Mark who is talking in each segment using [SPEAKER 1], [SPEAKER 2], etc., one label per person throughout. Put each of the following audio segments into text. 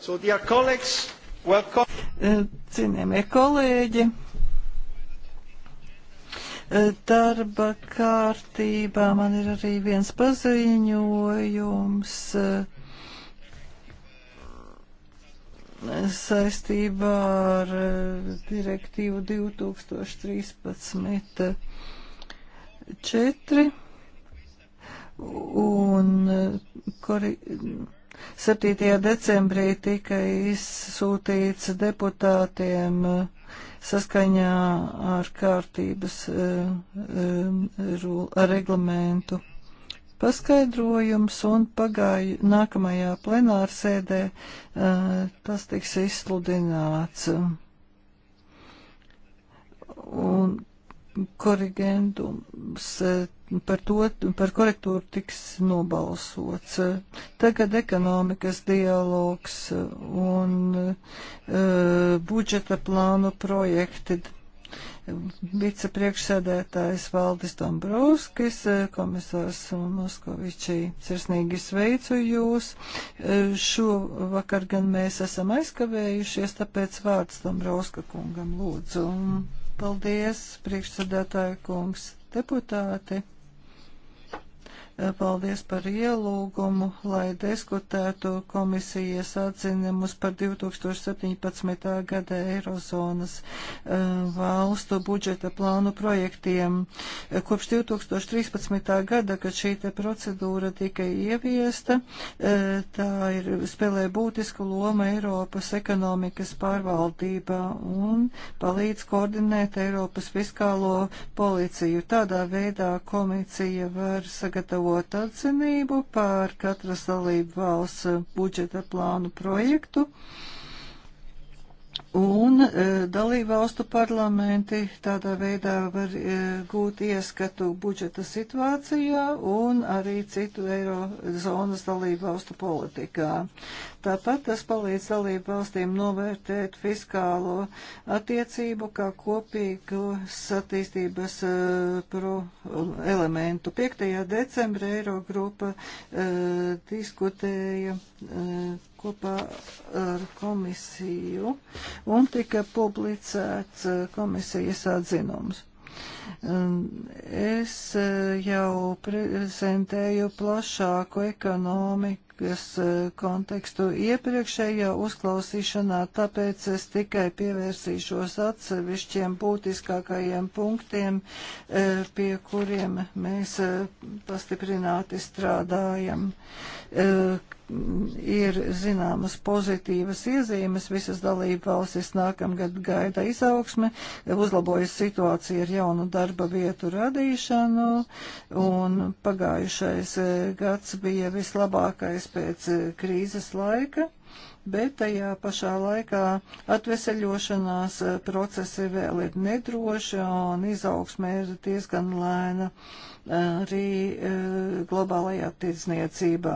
[SPEAKER 1] So, dear colleagues, welcome. Eh, cienījamie kolēģi, eh, darba kārtībā man ir arī viens paziņojums eh, saistībā ar direktīvu 2013. 4 un eh, kuri 7. decembrī tika izsūtīts deputātiem eh, saskaņā ar kārtības eh, reglamentu paskaidrojums un pagāju nākamajā plenāra sēdē tas tiks izsludināts. Un korrigendums par to, par korektūru tiks nobalsots. Tagad ekonomikas dialogs un uh, budžeta plānu projekti. Vicepriekšsēdētājs Valdis Dombrovskis, e, komisārs Moskovičī, sirsnīgi sveicu jūs. E, šovakar gan mēs esam aizkavējušies, tāpēc vārds Dombrovska kungam lūdzu. Paldies, priekšsēdētāja kungs, deputāti. Eh, paldies par ielūgumu, lai diskutētu komisijas atzinumus par 2017. gada Eirozonas eh, valstu budžeta plānu projektiem. Eh, kopš 2013. gada, kad šī procedūra tika ieviesta, tā ir spēlē būtisku lomu Eiropas ekonomikas pārvaldībā un palīdz koordinēt Eiropas fiskālo policiju. Tādā veidā komisija var sagatavot sagatavot atzinību par katras dalību valsts budžeta plānu projektu. Uh, Un e, dalībvalstu parlamenti tādā veidā var e, gūt ieskatu budžeta situācijā un arī citu eirozonas dalībvalstu politikā. Tāpat tas palīdz dalībvalstīm novērtēt fiskālo attiecību kā kopīgu attīstības e, pro, elementu. 5. decembra Eirogrupa e, diskutēja. E, kopā ar komisiju un tika publicēts eh, komisijas atzinums. Es eh, jau prezentēju plašāku ekonomikas eh, kontekstu iepriekšējā uzklausīšanā, tāpēc es tikai pievērsīšos atsevišķiem būtiskākajiem punktiem, pie kuriem mēs pastiprināti strādājam ir zināmas pozitīvas iezīmes. Visas dalība valstis nākamgad gaida izaugsme, uzlabojas situācija ar jaunu darba vietu radīšanu, un pagājušais eh, gads bija vislabākais pēc eh, krīzes laika bet tajā pašā laikā atveseļošanās eh, procesi vēl ir nedroši un izaugsme ir diezgan lēna arī globālajā tirdzniecībā.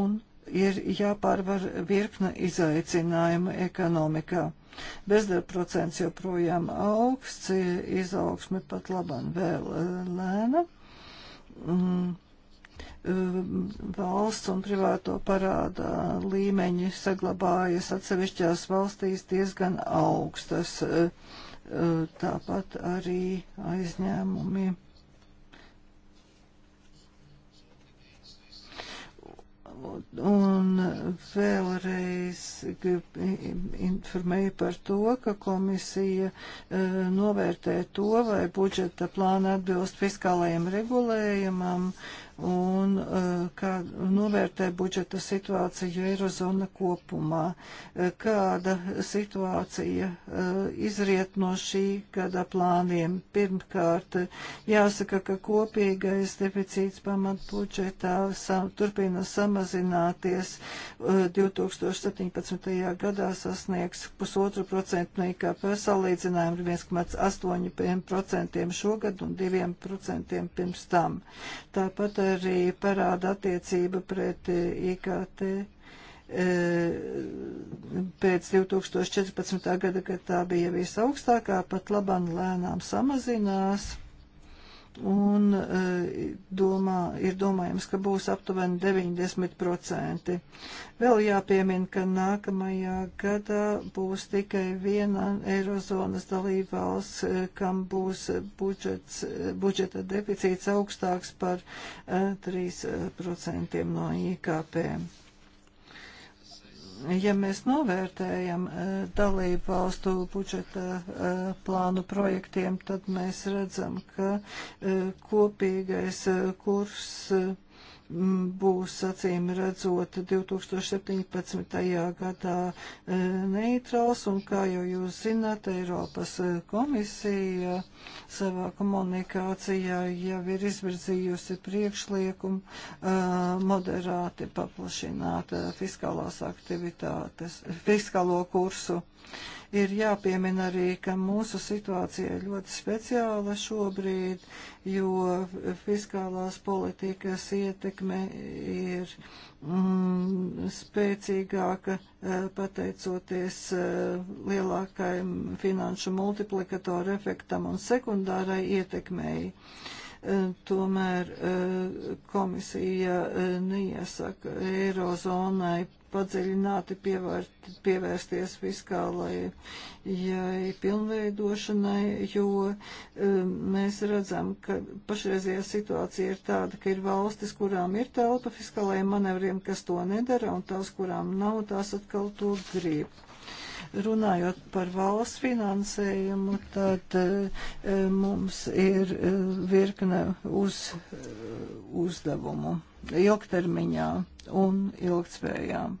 [SPEAKER 1] Un ir jāpārvar virkne izaicinājumu ekonomikā. Bezdarba procents joprojām augsts, izaugsme pat labam vēl eh, lēna. Mm eh, valsts un privāto parāda līmeņi saglabājas atsevišķās valstīs diezgan augstas. Eh, tāpat arī aizņēmumi Un vēlreiz informēju par to, ka komisija e, novērtē to, vai budžeta plāna atbilst fiskālajiem regulējumam un eh, kā novērtē budžeta situāciju Eirozona kopumā. Eh, kāda situācija eh, izriet no šī gada plāniem? Pirmkārt, jāsaka, ka kopīgais deficīts pamatbudžetā sam, turpina samazināties 2017. gadā sasniegs pusotru procentu IKP salīdzinājumu ar 1,8% šogad un 2% pirms tam. Tāpat arī parāda attiecība pret eh, IKT eh, pēc 2014. gada, kad tā bija visaugstākā, pat labam lēnām samazinās un eh, domā, ir domājams, ka būs aptuveni 90%. Vēl jāpiemin, ka nākamajā gadā būs tikai viena Eirozonas dalībvalsts, eh, kam būs budžets, eh, budžeta deficīts augstāks par 3% no IKP ja mēs novērtējam eh, dalību valstu budžeta eh, plānu projektiem, tad mēs redzam, ka eh, kopīgais kurs būs acīm redzot 2017. gadā e, neitrāls, un kā jau jūs zināt, Eiropas e, komisija savā komunikācijā jau ir izvirzījusi priekšliekumu e, moderāti paplašināt fiskālās aktivitātes, fiskālo kursu. Ir jāpiemina arī, ka mūsu situācija ir ļoti speciāla šobrīd, jo fiskālās politikas ietekme ir mm, spēcīgāka eh, pateicoties eh, lielākajam finanšu multiplikatoru efektam un sekundārai ietekmei. Uh, Eh, tomēr eh, komisija eh, neiesaka Eirozonai padziļināti pievērt, pievērsties fiskālajai pilnveidošanai, jo um, mēs redzam, ka pašreizajā situācija ir tāda, ka ir valstis, kurām ir telpa fiskālajiem manevriem, kas to nedara, un tās, kurām nav, tās atkal to grib. Runājot par valsts finansējumu, tad eh, mums ir eh, virkne uz eh, uzdevumu ilgtermiņā un ilgtspējām.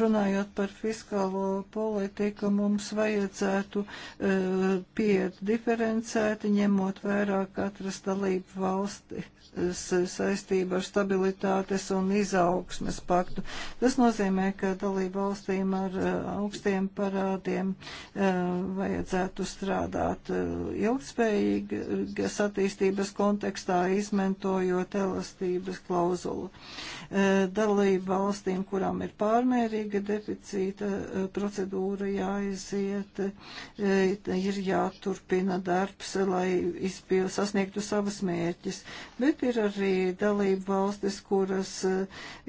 [SPEAKER 1] Runājot par fiskālo politiku, mums vajadzētu uh, eh, pieiet diferencēti, ņemot vērā katras dalību valsti saistība ar stabilitātes un izaugsmes paktu. Tas nozīmē, ka dalību valstīm ar eh, augstiem parādiem eh, vajadzētu strādāt eh, ilgspējīgas attīstības kontekstā, izmantojot elastības klauzulu. Dalību valstīm, kurām ir pārmērīga deficīta procedūra jāiziet, ir jāturpina darbs, lai izpil, sasniegtu savas mērķis. Bet Ir arī dalība valstis, kuras,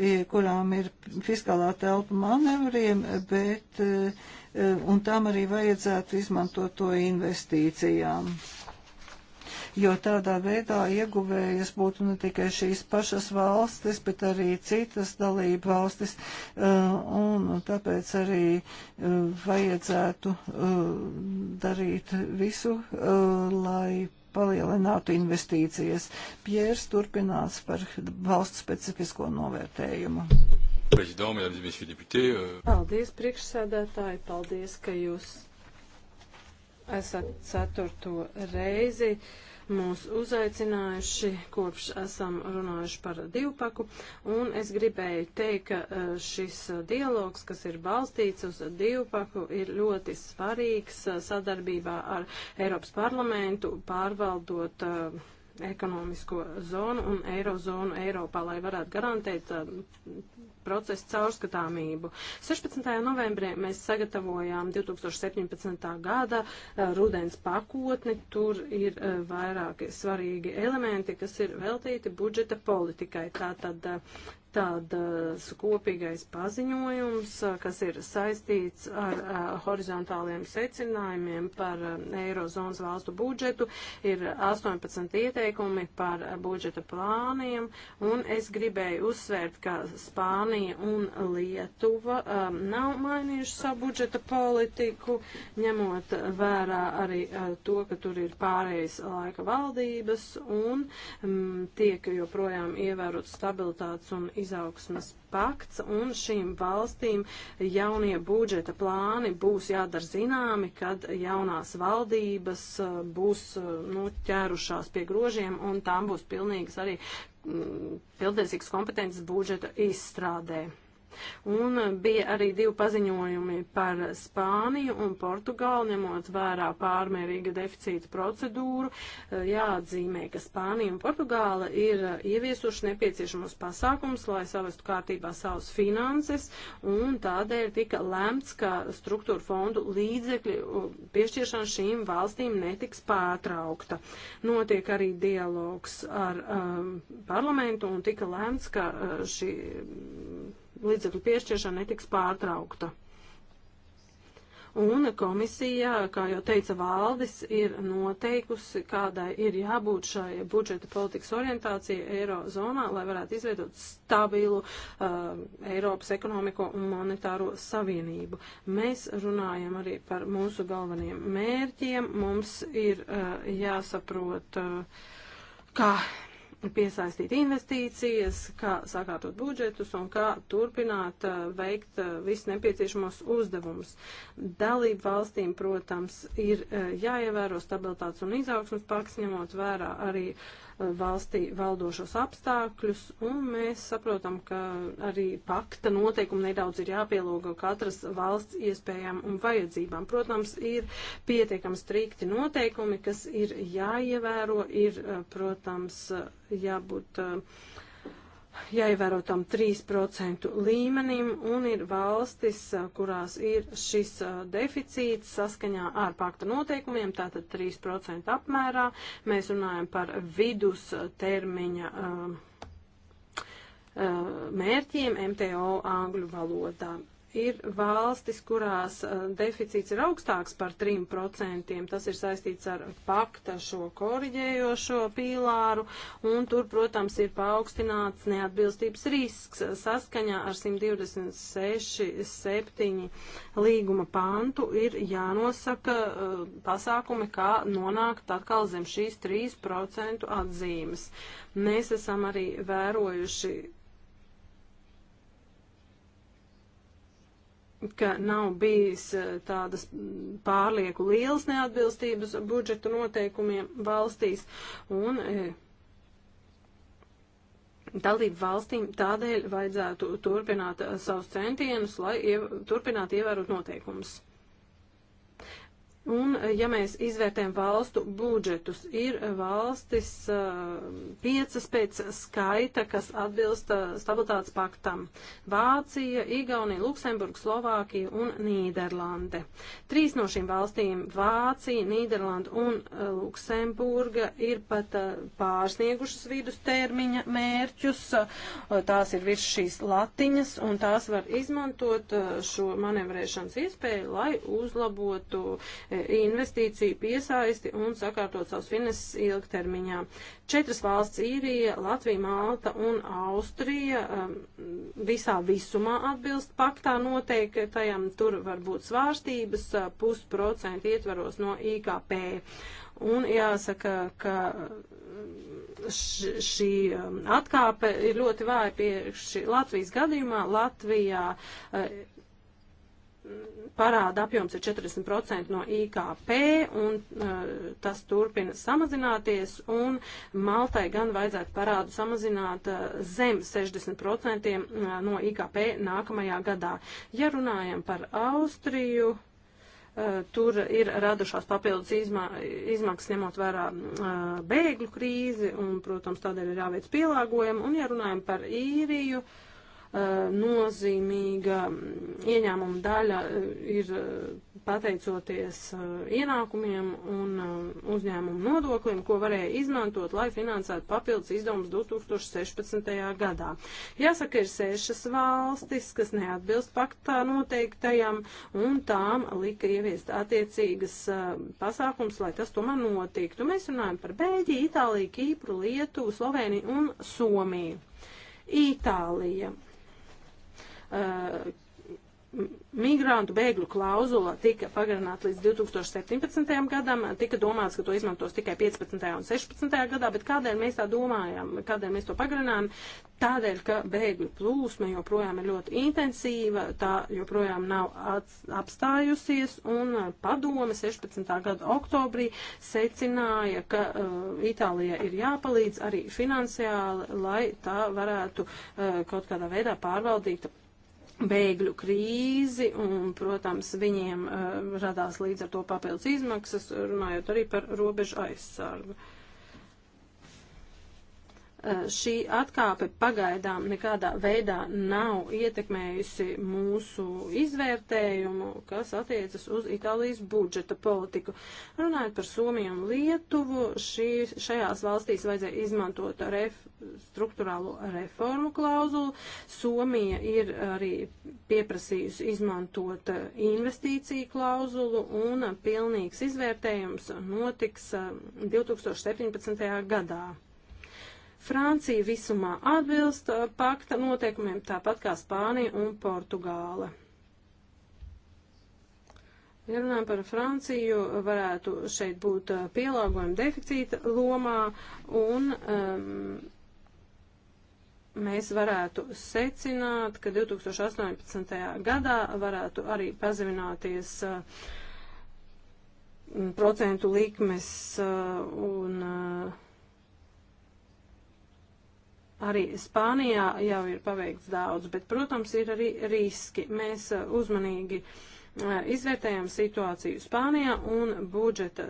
[SPEAKER 1] e, kurām ir fiskālā telpa manevriem, bet e, e, un tām arī vajadzētu izmantot to investīcijām jo tādā veidā ieguvējas būtu ne tikai šīs pašas valstis, bet arī citas dalība valstis, un tāpēc arī vajadzētu darīt visu, lai palielinātu investīcijas. Piers turpinās par valsts specifisko novērtējumu.
[SPEAKER 2] Euh,
[SPEAKER 3] paldies, priekšsēdētāji, paldies, ka jūs esat ceturto reizi mūs uzaicinājuši, kopš esam runājuši par divpaku, un es gribēju teikt, ka e, šis e, dialogs, kas ir balstīts uz divpaku, ir ļoti svarīgs e, sadarbībā ar Eiropas parlamentu, pārvaldot uh, ekonomisko zonu un eirozonu Eiropā, lai varētu garantēt uh, procesu caurskatāmību. 16. novembrī mēs sagatavojām 2017. gada uh, rudens pakotni. Tur ir uh, vairāki svarīgi elementi, kas ir veltīti budžeta politikai. Tātad tādas eh, kopīgais paziņojums, eh, kas ir saistīts ar a, eh, horizontāliem secinājumiem par a, Eirozonas valstu budžetu. Ir 18 ieteikumi par a, budžeta plāniem, un es gribēju uzsvērt, ka Spānija un Lietuva nav mainījuši savu budžeta politiku, ņemot vērā arī to, ka tur ir pārējais laika valdības un m, mm, tiek joprojām ievērot stabilitātes un izdevumu izaugsmas pakts, un šīm valstīm jaunie budžeta plāni būs jādara zināmi, kad jaunās valdības uh, būs uh, nu, ķērušās pie grožiem, un tām būs pilnīgas arī mm, pildēsīgas kompetences budžeta izstrādē. Un bija arī divi paziņojumi par Spāniju un Portugālu, ņemot vērā pārmērīga deficīta procedūru. Eh, jāatzīmē, ka Spānija un Portugāla ir eh, ieviesuši nepieciešamos pasākumus, lai savestu kārtībā savus finanses, un tādēļ tika lemts, ka struktūra fondu līdzekļu piešķiršana šīm valstīm netiks pārtraukta. Notiek arī dialogs ar um, parlamentu un tika lēmts, ka uh, šī līdzekļu piešķiršana netiks pārtraukta. Un komisija, kā jau teica valdis, ir noteikusi, kādai ir jābūt šai budžeta politikas orientācijai Eirozonā, lai varētu izveidot stabilu uh, Eiropas ekonomiko un monetāro savienību. Mēs runājam arī par mūsu galvenajiem mērķiem. Mums ir uh, jāsaprot, uh, kā piesaistīt investīcijas, kā sakārtot budžetus un kā turpināt uh, veikt uh, visus nepieciešamos uzdevumus. Dalību valstīm, protams, ir uh, jāievēro stabilitātes un izaugsmas pakts, ņemot vērā arī valstī valdošos apstākļus, un mēs saprotam, ka arī pakta noteikumi nedaudz ir jāpielūgo katras valsts iespējām un vajadzībām. Protams, ir pietiekami strikti noteikumi, kas ir jāievēro, ir, protams, jābūt eh, jāievēro tam 3% līmenim un ir valstis, eh, kurās ir šis eh, deficīts saskaņā ar pakta noteikumiem, tātad 3% apmērā. Mēs runājam par vidus termiņa mērķiem MTO angļu valodā. Ir valstis, kurās uh, deficīts ir augstāks par 3%, tas ir saistīts ar pakta šo koriģējošo pīlāru, un tur, protams, ir paaugstināts neatbilstības risks saskaņā ar 126.7 līguma pantu ir jānosaka uh, pasākumi, kā nonākt atkal zem šīs 3% atzīmes. Mēs esam arī vērojuši ka nav bijis eh, tādas pārlieku lielas neatbilstības budžeta noteikumiem valstīs, un eh, dalību valstīm tādēļ vajadzētu turpināt eh, savus centienus, lai iev turpinātu ievērot noteikumus. Un, ja mēs izvērtējam valstu budžetus, ir valstis uh, piecas pēc skaita, kas atbilst uh, stabilitātes paktam - Vācija, Igaunija, Luksemburga, Slovākija un Nīderlande. Trīs no šīm valstīm - Vācija, Nīderlanda un uh, Luksemburga - ir pat pārsniegušas vidustermiņa mērķus. Tās ir virs šīs latiņas un tās var izmantot šo manevrēšanas iespēju, lai uzlabotu investīciju piesaisti un sakārtot savus finanses ilgtermiņā. Četras valsts - Īrija, Latvija, Malta un Austrija - um, visā visumā atbilst paktā noteiktajam. Tur var būt svārstības uh, pusprocentu ietvaros no IKP. Un jāsaka, ka uh, šī um, atkāpe ir ļoti vāja pie Latvijas gadījumā. Latvijā uh, parāda apjoms ir 40% no IKP, un uh, tas turpina samazināties, un Maltai gan vajadzētu parādu samazināt uh, zem 60% uh, no IKP nākamajā gadā. Ja runājam par Austriju, uh, tur ir radušās papildus izma izmaksas ņemot vērā uh, bēgļu krīzi, un, protams, tādēļ ir jāveic pielāgojumi, un ja runājam par īriju, uh, Eh, nozīmīga mm, ieņēmuma daļa eh, ir eh, pateicoties ienākumiem un uzņēmumu nodoklim, ko varēja izmantot, lai finansētu papildus izdevumus 2016. gadā. Jāsaka, ir sešas valstis, kas neatbilst paktā noteiktajam, un tām lika ieviest attiecīgas pasākums, lai tas tomēr notiktu. Mēs runājam par Bēļģiju, Itāliju, Kīpru, Lietuvu, Sloveniju un Somiju. Itālija Eh, migrantu bēgļu klauzula tika pagarināta līdz 2017. gadam, tika domāts, ka to izmantos tikai 15. un 16. gadā, bet kādēļ mēs tā domājam, kādēļ mēs to pagarinājam? Tādēļ, ka bēgļu plūsma joprojām ir ļoti intensīva, tā joprojām nav ats, apstājusies, un padome 16. gada oktobrī secināja, ka uh, Itālijai ir jāpalīdz arī finansiāli, lai tā varētu uh, kaut kādā veidā pārvaldīt bēgļu krīzi un, protams, viņiem uh, radās līdz ar to papildus izmaksas, runājot arī par robežu aizsargu. Uh, Uh, šī atkāpe pagaidām nekādā veidā nav ietekmējusi mūsu izvērtējumu, kas attiecas uz Itālijas budžeta politiku. Runājot par Somiju un Lietuvu, šī, šajās valstīs vajadzēja izmantot ref, struktūrālo reformu klauzulu. Somija ir arī pieprasījusi izmantot uh, investīciju klauzulu un pilnīgs izvērtējums notiks uh, 2017. gadā. Francija visumā atbilst uh, pakta noteikumiem, tāpat kā Spānija un Portugāla. Ja runājam par Franciju, varētu šeit būt uh, pielāgojuma deficīta lomā un um, mēs varētu secināt, ka 2018. gadā varētu arī pazemināties uh, procentu likmes uh, un uh, Arī Spānijā jau ir paveikts daudz, bet, protams, ir arī riski. Mēs uh, uzmanīgi uh, izvērtējam situāciju Spānijā un budžeta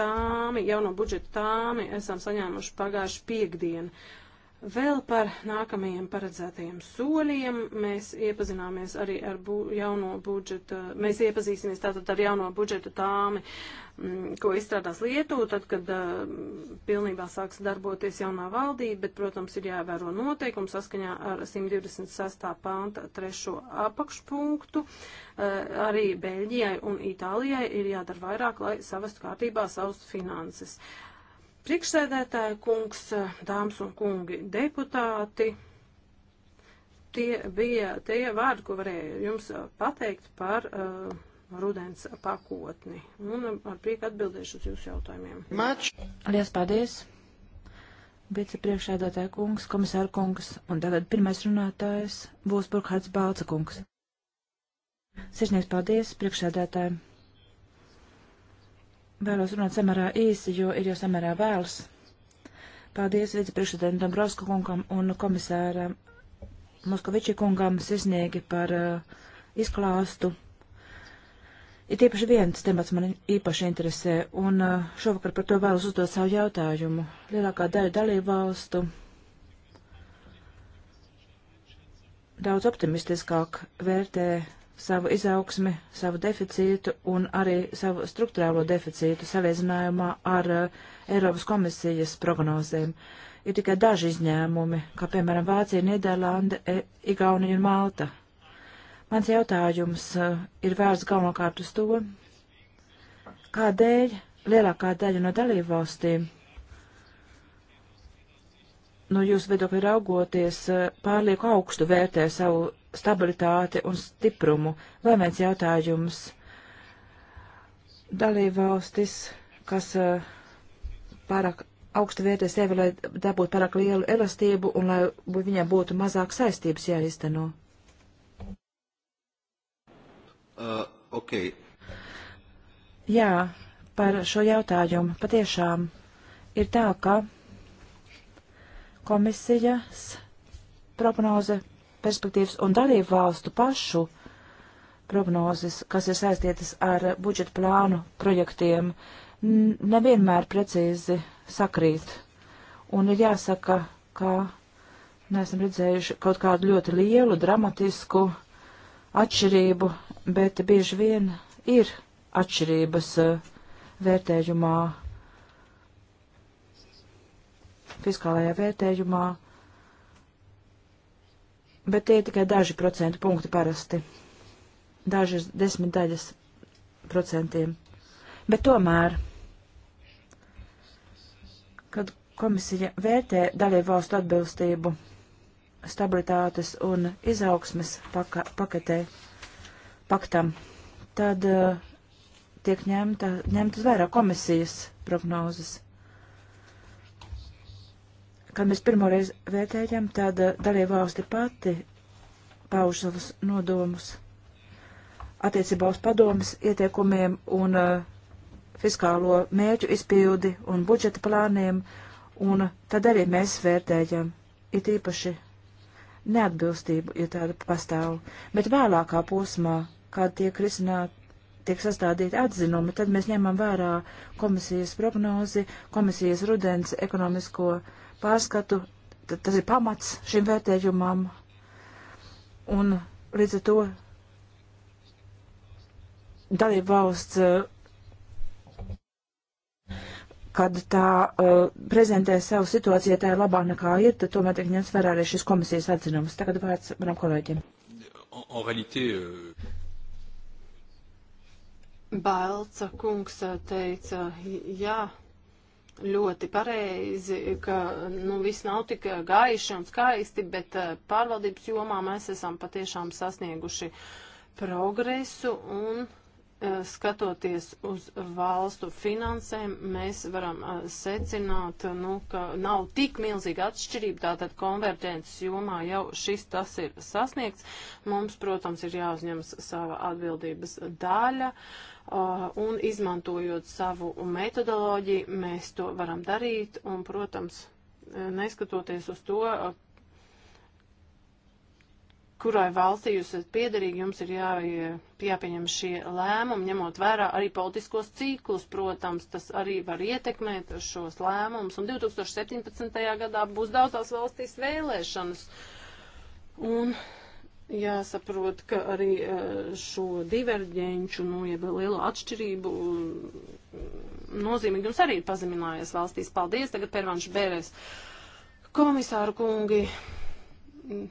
[SPEAKER 3] tāmi, jauno budžeta tāmi esam saņēmuši pagājuši piekdienu. Vēl par nākamajiem paredzētajiem soļiem mēs iepazināmies arī ar bu jauno budžeta, mēs iepazīsimies tātad ar jauno budžeta tāmi, m, mm, ko izstrādās Lietuva, tad, kad m, mm, pilnībā sāks darboties jaunā valdība, bet, protams, ir jāievēro noteikumi saskaņā ar 126. panta trešo apakšpunktu. Eh, arī Beļģijai un Itālijai ir jādara vairāk, lai savestu kārtībā savus finanses. Uh, Priekšsēdētāja kungs, dāmas un kungi, deputāti, tie bija tie vārdi, ko varēju jums pateikt par uh, rudens pakotni. Un ar prieku atbildēšu uz jūsu jautājumiem.
[SPEAKER 2] Mač! Lies paldies! Vicepriekšēdētāja kungs, komisāra kungs, un tagad pirmais runātājs būs Burkhards Bālca kungs. Sirsnieks paldies priekšēdētājiem! Vēlos runāt samērā īsi, jo ir jau samērā vēls. Paldies vicepriekšsēdētājam Dombrovska kungam un komisāram Moskoviči kungam sirsniegi par uh, izklāstu. Ir tiepaši viens temats man īpaši interesē, un uh, šovakar par to vēlos uzdot savu jautājumu. Lielākā daļa dalībvalstu daudz optimistiskāk vērtē savu izaugsmi, savu deficītu un arī savu struktūrālo deficītu saviezinājumā ar uh, Eiropas komisijas prognozēm. Ir tikai daži izņēmumi, kā piemēram Vācija, Nīderlanda, e Igaunija un Malta. Mans jautājums uh, ir vērsts galvenokārt uz to, kādēļ lielākā daļa no dalību valstīm no jūsu viedokļa raugoties, eh, pārlieku augstu vērtē savu stabilitāti un stiprumu. Vēl viens jautājums. Dalībvalstis, kas eh, pārāk augstu vērtē sevi, lai dabūtu pārāk lielu elastību un lai viņiem būtu mazāk saistības jāizteno.
[SPEAKER 1] Uh, okay.
[SPEAKER 2] Jā, par šo jautājumu patiešām ir tā, ka komisijas prognoze perspektīvas un darību valstu pašu prognozes, kas ir saistītas ar budžeta plānu projektiem, nevienmēr precīzi sakrīt. Un ir jāsaka, ka neesam redzējuši kaut kādu ļoti lielu, dramatisku atšķirību, bet bieži vien ir atšķirības eh, vērtējumā, fiskālajā vērtējumā bet tie ir tikai daži procentu punkti parasti. Dažas desmit daļas procentiem. Bet tomēr, kad komisija vērtē dalību valstu atbilstību stabilitātes un izaugsmes paka paketē, paktam, tad uh, tiek ņemta, ņemtas vairāk komisijas prognozes. Kad mēs pirmoreiz vērtējam, tad eh, dalība valsti pati pauž savus nodomus attiecībā uz padomas ieteikumiem un uh, fiskālo mērķu izpildi un budžeta plāniem, un tad arī mēs vērtējam it īpaši neatbilstību, ja tāda pastāv. Bet vēlākā posmā, kad tiek risināt, tiek sastādīti atzinumi, tad mēs ņemam vērā komisijas prognozi, komisijas rudens ekonomisko uh, pārskatu, tad tas ir pamats šim vērtējumam. Un līdz ar to dalība valsts, eh, kad tā uh, prezentē savu situāciju, ja tā ir labā nekā ir, tad tomēr tiek ņemts vērā arī šis komisijas atzinums. Tagad vārds
[SPEAKER 3] manam kolēģim. En, en réalité, euh... Balca kungs eh, teica, jā, ļoti pareizi, ka nu, viss nav tik eh, gaiši un skaisti, bet eh, pārvaldības jomā mēs esam patiešām sasnieguši progresu un eh, skatoties uz valstu finansēm, mēs varam secināt, nu, ka nav tik milzīga atšķirība, tātad konverģences jomā jau šis tas ir sasniegts. Mums, protams, ir jāuzņemas sava atbildības daļa. Uh, Ah, un izmantojot savu metodoloģiju, mēs to varam darīt, un, protams, neskatoties uz to, ah, kurai valstī jūs esat piederīgi, jums ir jā, jāpieņem šie lēmumi, ņemot vērā arī politiskos ciklus, protams, tas arī var ietekmēt šos lēmumus, un 2017. gadā būs daudzās valstīs vēlēšanas, un jāsaprot, ka arī eh, šo diverģenču, nu, jeb lielo atšķirību mm, nozīmīgums arī ir pazeminājies valstīs. Paldies, tagad Pervanš Bērēs. Komisāru kungi, mm,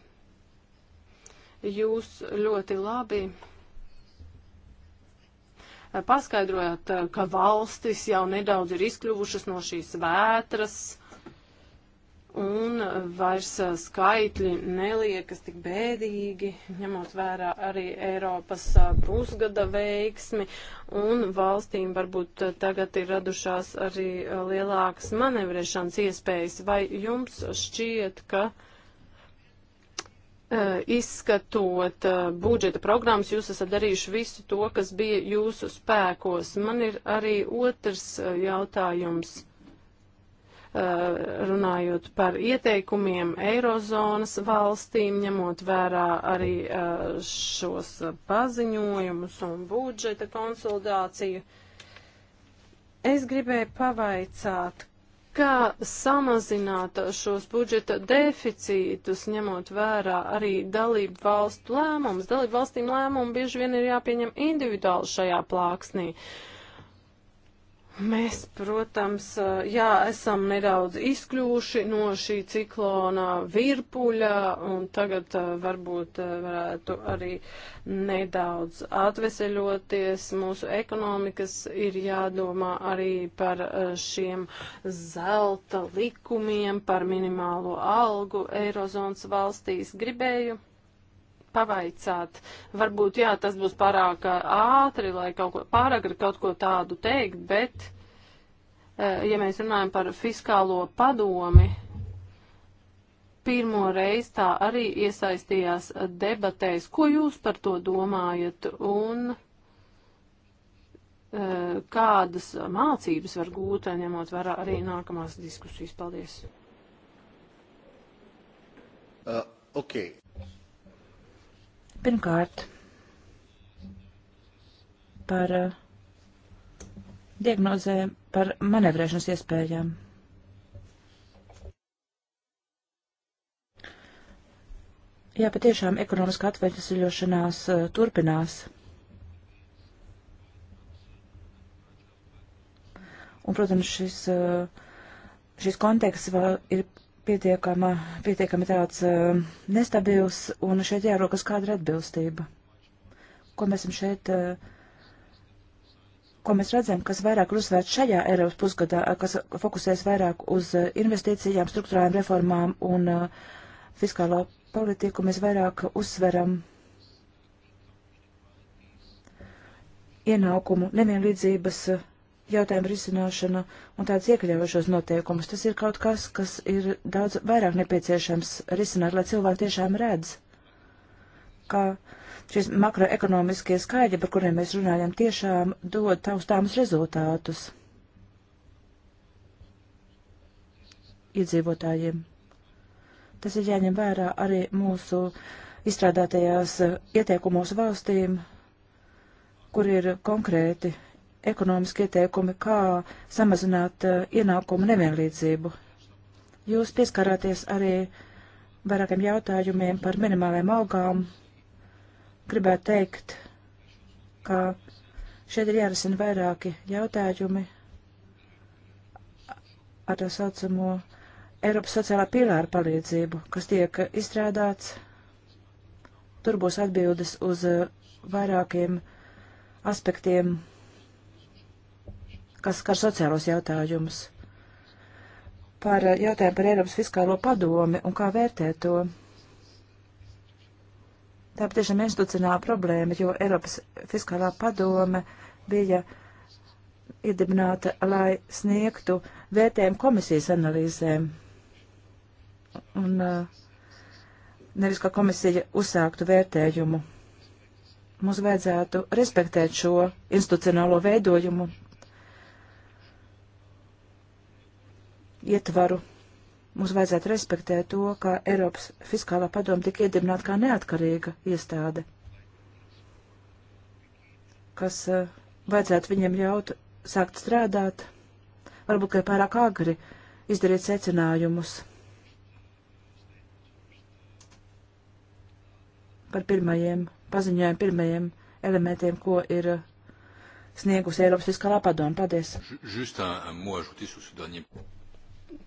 [SPEAKER 3] jūs ļoti labi eh, paskaidrojāt, eh, ka valstis jau nedaudz ir izkļuvušas no šīs vētras un vairs skaitļi neliekas tik bēdīgi, ņemot vērā arī Eiropas pusgada veiksmi, un valstīm varbūt tagad ir radušās arī lielākas manevrēšanas iespējas. Vai jums šķiet, ka izskatot budžeta programmas, jūs esat darījuši visu to, kas bija jūsu spēkos? Man ir arī otrs jautājums Eh, runājot par ieteikumiem Eirozonas valstīm, ņemot vērā arī eh, šos paziņojumus un budžeta konsultāciju. Es gribēju pavaicāt, kā samazināt šos budžeta deficītus, ņemot vērā arī dalību valstu lēmumus. Dalību valstīm lēmumu bieži vien ir jāpieņem individuāli šajā plāksnī. Uh, Mēs, protams, jā, esam nedaudz izkļūši no šī ciklona virpuļa un tagad varbūt varētu arī nedaudz atveseļoties. Mūsu ekonomikas ir jādomā arī par šiem zelta likumiem, par minimālo algu Eirozonas valstīs. Gribēju pavaicāt. Varbūt, jā, tas būs pārāk ātri, lai kaut ko pāragri kaut ko tādu teikt, bet, ja mēs runājam par fiskālo padomi, pirmo reizi tā arī iesaistījās debatēs. Ko jūs par to domājat un kādas mācības var gūt, ņemot vērā arī nākamās diskusijas? Paldies! Uh, okay.
[SPEAKER 2] Pirmkārt, par eh, diagnozēm, par manevrēšanas iespējām. Jā, patiešām ekonomiskā atveļošanās eh, turpinās. Un, protams, šis, eh, šis konteksts vēl ir pietiekama, pietiekami tāds uh, eh, nestabils, un šeit jārokas kāda ir atbilstība. Ko mēs esam šeit, uh, ko mēs redzam, kas vairāk ir uzsvērts šajā Eiropas pusgadā, eh, kas fokusēs vairāk uz investīcijām, struktūrām, reformām un uh, fiskālo politiku, mēs vairāk uzsveram ienākumu nevienlīdzības. Uh, jautājumu risināšanu un tādus iekļaujošos noteikumus. Tas ir kaut kas, kas ir daudz vairāk nepieciešams risināt, lai cilvēki tiešām redz, ka šīs makroekonomiskie skaidri, par kuriem mēs runājam, tiešām dod taustāmus rezultātus iedzīvotājiem. Tas ir jāņem vērā arī mūsu izstrādātajās ieteikumos valstīm, kur ir konkrēti ekonomiski ieteikumi, kā samazināt eh, ienākumu nevienlīdzību. Jūs pieskarāties arī vairākiem jautājumiem par minimālajām algām. Gribētu teikt, ka šeit ir jārisina vairāki jautājumi ar tā saucamo Eiropas sociālā pīlāra palīdzību, kas tiek izstrādāts. Tur būs atbildes uz eh, vairākiem aspektiem kas skar sociālos jautājumus. Par eh, jautājumu par Eiropas fiskālo padomi un kā vērtēt to. Tā patiešām institucionāla problēma, jo Eiropas fiskālā padome bija iedibināta, lai sniegtu vērtējumu komisijas analīzēm. Un eh, nevis, ka komisija uzsāktu vērtējumu. Mums vajadzētu respektēt šo institucionālo veidojumu, ietvaru, mums vajadzētu respektēt to, ka Eiropas fiskālā padoma tika iedibināta kā neatkarīga iestāde, kas eh, vajadzētu viņiem ļaut sākt strādāt, varbūt, ka ir pārāk agri izdarīt secinājumus par pirmajiem paziņojumiem, pirmajiem elementiem, ko ir eh, sniegusi Eiropas fiskālā padoma. Paldies!
[SPEAKER 3] Just un, un mot,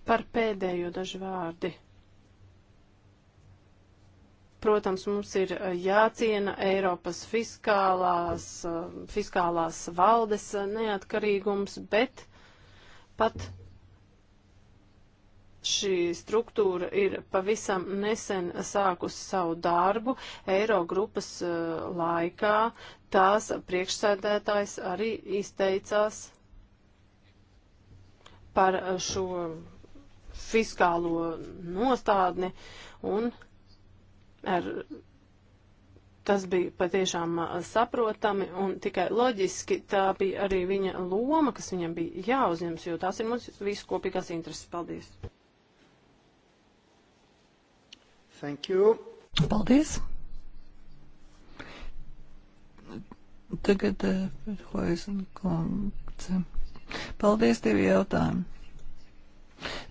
[SPEAKER 3] Par pēdējo daži vārdi. Protams, mums ir eh, jāciena Eiropas fiskālās, eh, fiskālās valdes eh, neatkarīgums, bet pat šī struktūra ir pavisam nesen sākusi savu darbu Eirogrupas laikā. Tās priekšsēdētājs arī izteicās par eh, šo fiskālo nostādni un ar tas bija patiešām eh, saprotami un tikai loģiski tā bija arī viņa loma, kas viņam bija jāuzņems, jo tās ir mums visu kopīgās intereses. Paldies!
[SPEAKER 1] Thank you! Paldies! Tagad, ko es kundze. Paldies, divi jautājumi.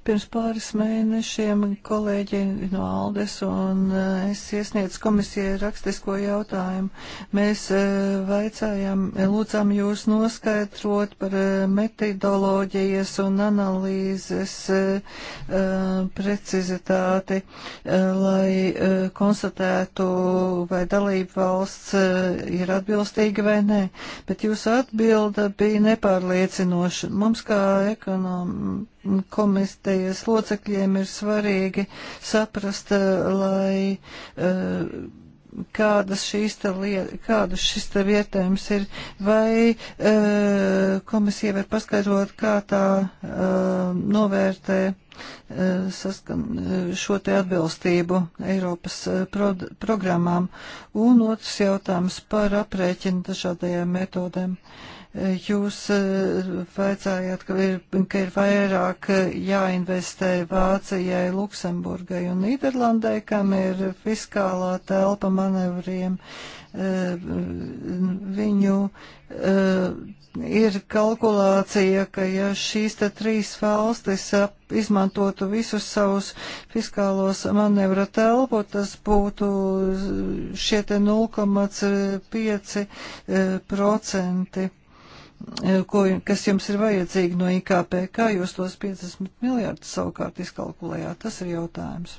[SPEAKER 1] Pirms pāris mēnešiem kolēģi no Aldes un eh, es iesniedzu komisijai rakstisko jautājumu. Mēs eh, vaicājām, lūdzām jūs noskaidrot par eh, metodoloģijas un analīzes precizitāti, lai konstatētu, vai dalība valsts ir atbilstīga vai nē. Bet jūsu atbilda bija nepārliecinoša. Mums kā ekonomi komitejas locekļiem ir svarīgi saprast, eh, lai eh, kādas šīs te lieta, kādas šis te vietējums ir, vai e, komisija var paskaidrot, kā tā e, novērtē e, saskan, šo te atbilstību Eiropas e, pro, programmām. Un otrs jautājums par aprēķinu dažādajām metodēm. E, Jūs eh, vajadzējāt, ka ir, ka ir vairāk eh, jāinvestē Vācijai, Luksemburgai un Nīderlandai, kam ir fiskālā telpa manevriem. Eh, viņu ir kalkulācija, ka ja šīs te trīs valstis izmantotu visus savus fiskālos manevra telpu, tas būtu šie te 0,5%. Eh, ko, kas jums ir vajadzīgi no IKP, kā jūs tos 50 miljārdus savukārt izkalkulējāt? Tas ir jautājums.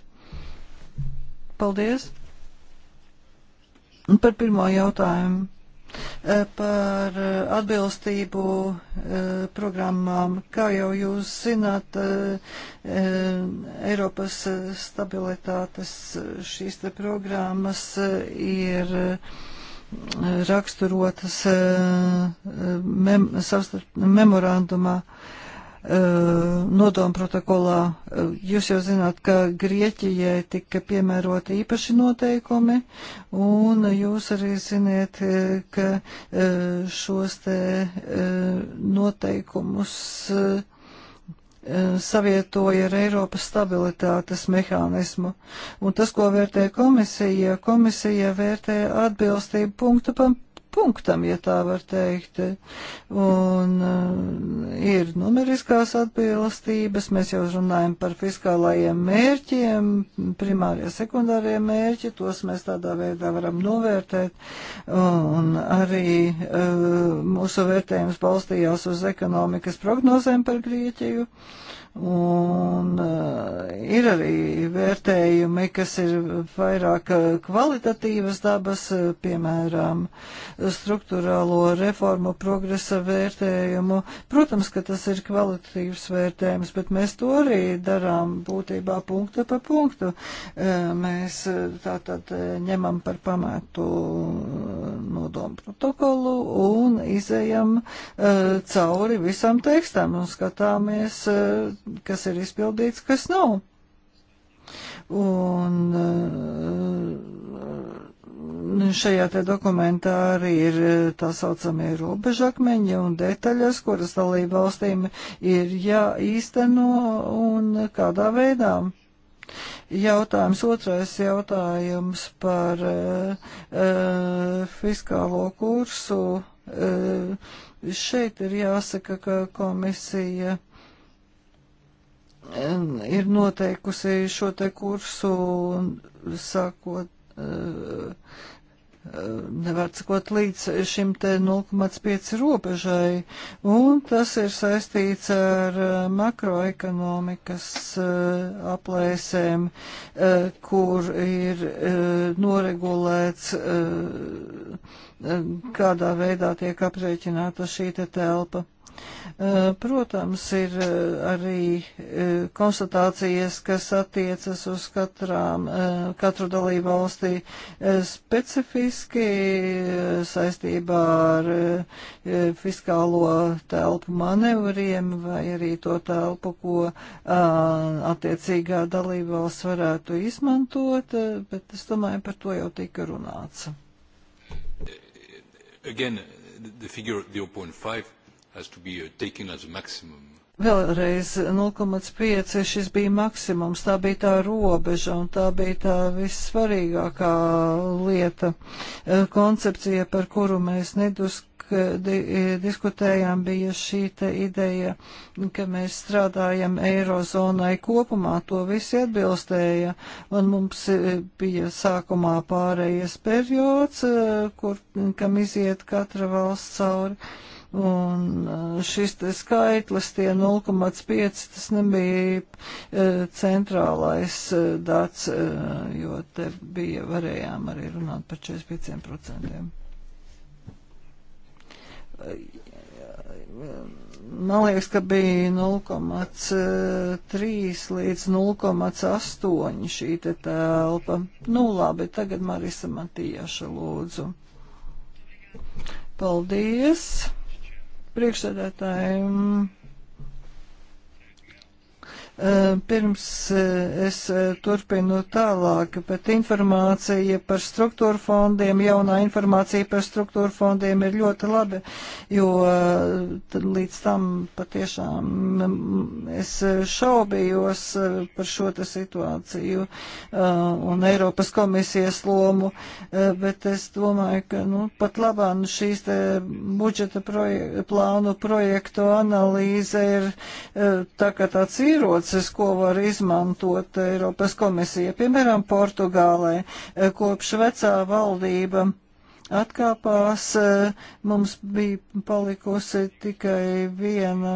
[SPEAKER 1] Paldies. Par pirmo jautājumu. Eh, par eh, atbilstību programmām. Kā jau jūs zināt, Eiropas stabilitātes šīs te programmas ir raksturotas eh, mem, memorandumā eh, nodoma protokolā. Jūs jau zināt, ka Grieķijai tika piemēroti īpaši noteikumi, un jūs arī ziniet, eh, ka šos te noteikumus E, savietoja ar Eiropas stabilitātes mehānismu. Un tas, ko vērtē komisija, komisija vērtē atbilstību punktu pa punktam, ja tā var teikt. Un eh, ir numeriskās atbilstības, mēs jau runājam par fiskālajiem mērķiem, primārie, sekundārie mērķi, tos mēs tādā veidā varam novērtēt. Un arī eh, mūsu vērtējums balstījās uz ekonomikas prognozēm par Grieķiju. Uh, Un eh, ir arī vērtējumi, kas ir vairāk eh, kvalitatīvas dabas, eh, piemēram, struktūrālo reformu progresa vērtējumu. Protams, ka tas ir kvalitatīvs vērtējums, bet mēs to arī darām būtībā punktu pa punktu. Mēs tātad ņemam par pamatu iebildumu protokolu un izējam uh, cauri visam tekstam un skatāmies, uh, kas ir izpildīts, kas nav. Un uh, šajā te dokumentā arī ir tā saucamie robežakmeņi un detaļas, kuras dalību valstīm ir jāīsteno un kādā veidā jautājums. Otrais jautājums par uh, uh, fiskālo kursu. Uh, šeit ir jāsaka, ka komisija ir noteikusi šo te kursu sākot nevar cikot līdz šim te 0,5 robežai, un tas ir saistīts ar eh, makroekonomikas eh, aplēsēm, eh, kur ir noregulēts, kādā veidā tiek aprēķināta šī te telpa. Uh, protams, ir uh, arī uh, konstatācijas, kas attiecas uz katrām, katru dalību valstī specifiski saistībā ar fiskālo telpu manevriem vai arī to telpu, ko attiecīgā dalību valsts varētu izmantot, bet es domāju, par to jau tika runāts.
[SPEAKER 2] Again, the figure 0.5 has to be uh, taken as a maximum.
[SPEAKER 1] Vēlreiz 0,5 šis bija maksimums, tā bija tā robeža un tā bija tā vissvarīgākā lieta, e, koncepcija, par kuru mēs nedusk di e, diskutējām, bija šī te ideja, ka mēs strādājam Eirozonai kopumā, to visi atbilstēja, un mums e, bija sākumā pārējais periods, kur, kam iziet katra valsts cauri Un e, šis te skaitlis, tie 0,5, tas nebija e, centrālais e, dats, e, jo te bija, varējām arī runāt par 45%. Man liekas, ka bija 0,3 līdz 0,8 šī te telpa. Nu labi, tagad Marisa Matījaša lūdzu. Paldies! priekšsēdētājiem. Eh, pirms eh, es eh, turpinu tālāk, bet informācija par struktūra fondiem, jaunā informācija par struktūra fondiem ir ļoti labi, jo līdz tam patiešām mm, es šaubījos par šo te situāciju un Eiropas komisijas lomu, bet es domāju, ka nu, pat labā nu, šīs te budžeta proje plānu projektu analīze ir tā kā tāds īrots pieredzes, ko var izmantot Eiropas komisija. Piemēram, Portugālē kopš vecā valdība atkāpās, mums bija palikusi tikai viena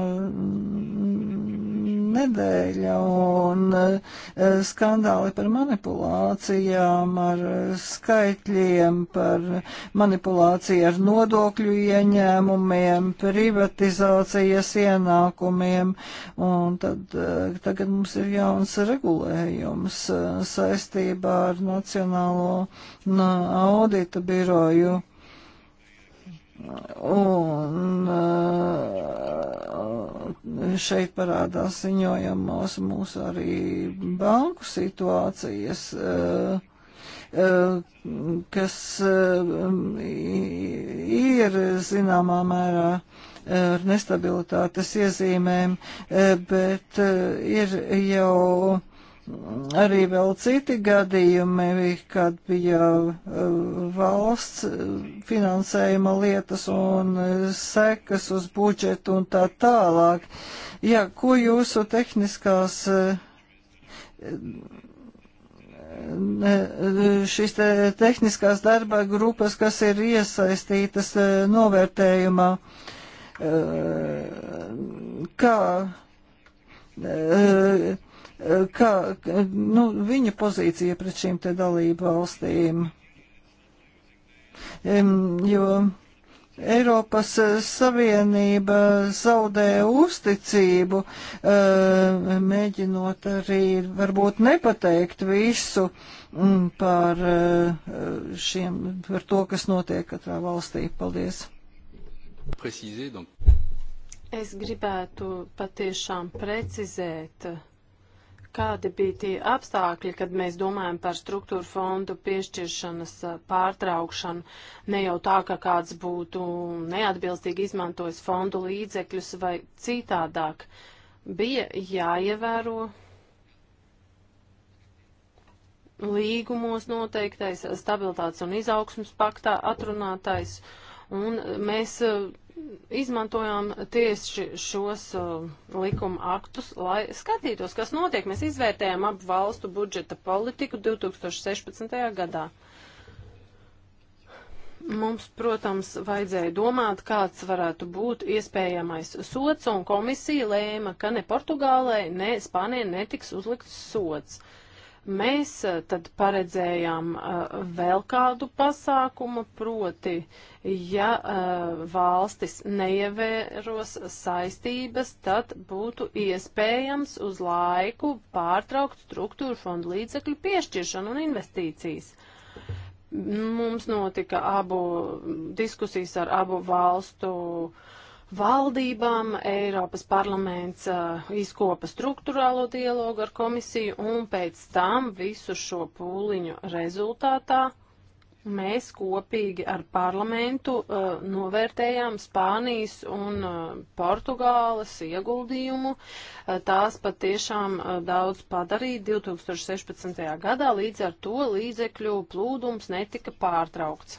[SPEAKER 1] nedēļa un e, skandāli par manipulācijām, ar skaitļiem, par manipulāciju ar nodokļu ieņēmumiem, privatizācijas ienākumiem. Un tad e, tagad mums ir jauns regulējums e, saistībā ar Nacionālo audita biroju. Un eh, šeit parādās ziņojamos mūsu arī banku situācijas, eh, eh, kas ir zināmā mērā ar nestabilitātes iezīmēm, bet ir jau arī vēl citi gadījumi, kad bija uh, valsts uh, finansējuma lietas un uh, sekas uz budžetu un tā tālāk. Jā, ko jūsu tehniskās šīs te tehniskās darba grupas, kas ir iesaistītas novērtējumā, kā kā, nu, viņa pozīcija pret šīm te dalību valstīm. Jo Eiropas Savienība zaudē uzticību, eh, mēģinot arī varbūt nepateikt visu mm, par, eh, šiem, par to, kas notiek katrā valstī. Paldies!
[SPEAKER 3] Precizē, Es gribētu patiešām precizēt uh, kādi bija tie apstākļi, kad mēs domājam par struktūra fondu piešķiršanas pārtraukšanu, ne jau tā, ka kāds būtu neatbilstīgi izmantojis fondu līdzekļus vai citādāk. Bija jāievēro līgumos noteiktais, stabilitātes un izaugsmas paktā atrunātais, un mēs izmantojām tieši šos uh, likuma aktus, lai skatītos, kas notiek. Mēs izvērtējām ap valstu budžeta politiku 2016. gadā. Mums, protams, vajadzēja domāt, kāds varētu būt iespējamais sots, un komisija lēma, ka ne Portugālei, ne Spānijai netiks uzlikts sots. Uh, Mēs eh, tad paredzējām eh, vēl kādu pasākumu, proti, ja eh, valstis neievēros saistības, tad būtu iespējams uz laiku pārtraukt struktūru fondu līdzekļu piešķiršanu un investīcijas. Mums notika abu diskusijas ar abu valstu uh, valdībām, Eiropas parlaments uh, izkopa struktūrālo dialogu ar komisiju un pēc tam visu šo pūliņu rezultātā mēs kopīgi ar parlamentu uh, novērtējām Spānijas un uh, Portugāles ieguldījumu. Uh, tās patiešām uh, daudz padarīja 2016. gadā, līdz ar to līdzekļu plūdums netika pārtraukts.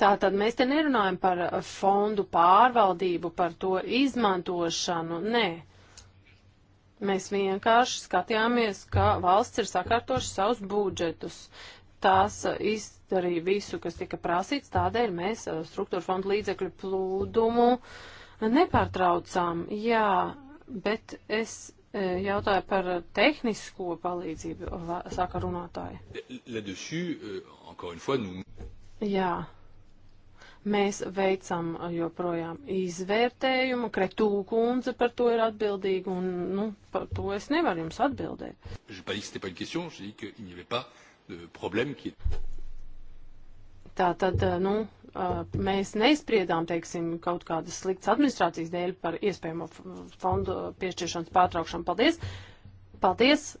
[SPEAKER 3] Tātad mēs te nerunājam par fondu pārvaldību, par to izmantošanu, nē. Mēs vienkārši skatījāmies, ka valsts ir sakārtoši savus budžetus. Tās izdarīja visu, kas tika prasīts, tādēļ mēs uh, struktūra fondu līdzekļu plūdumu nepārtraucām. Jā, bet es uh, jautāju par tehnisko palīdzību, saka runātāji.
[SPEAKER 2] Uh,
[SPEAKER 3] Jā. Mēs veicam uh, joprojām izvērtējumu, Kretū kundze par to ir atbildīga, un nu, par to es nevaru jums atbildēt. Tā tad, uh, nu, uh, mēs neizspriedām, teiksim, kaut kādas sliktas administrācijas dēļ par iespējamo fondu piešķiršanas pārtraukšanu. Paldies! Paldies!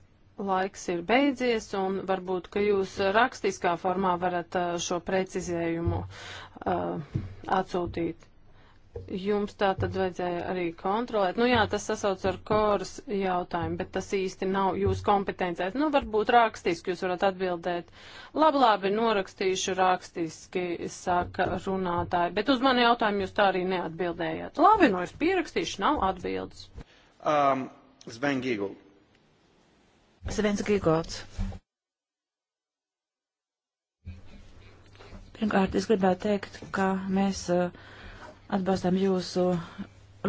[SPEAKER 3] laiks ir beidzies, un varbūt, ka jūs rakstiskā formā varat šo precizējumu uh, atsūtīt. Jums tā tad vajadzēja arī kontrolēt. Nu jā, tas sasauc ar koras jautājumu, bet tas īsti nav jūsu kompetencēs. Nu, varbūt rakstiski jūs varat atbildēt. Labi, labi, norakstīšu rakstiski, saka runātāji, bet uz mani jautājumu jūs tā arī neatbildējāt. Labi, no nu es pierakstīšu, nav atbildes. Um, Sven Gīgul. Svens Gigots. Pirmkārt,
[SPEAKER 2] es gribētu teikt, ka mēs uh, atbalstām jūsu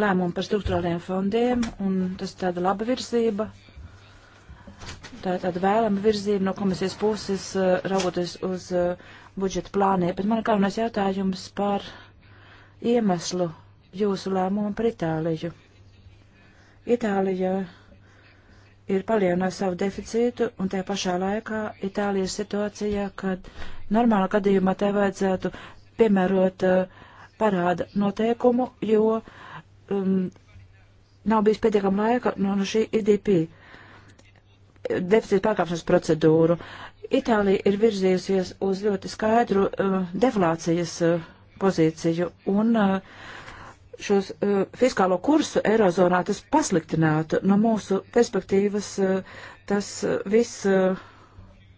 [SPEAKER 2] lēmumu par struktūrāliem fondiem, un tas tāda laba virzība. Tā ir tāda vēlama virzība no komisijas puses, uh, raugoties uz uh, budžeta plāniem. Bet man ir galvenais jautājums par iemeslu jūsu lēmumu par Itāliju. Itālija ir palielinājusi savu deficītu, un tajā pašā laikā Itālija ir situācijā, kad normāla gadījumā tai vajadzētu piemērot uh, parāda noteikumu, jo um, nav bijis pietiekama laika no, no šī IDP deficīta pārkāpšanas procedūru. Itālija ir virzījusies uz ļoti skaidru uh, deflācijas uh, pozīciju, un uh, šos uh, fiskālo kursu Eirozonā, tas pasliktinātu. No mūsu perspektīvas uh, tas uh, viss uh,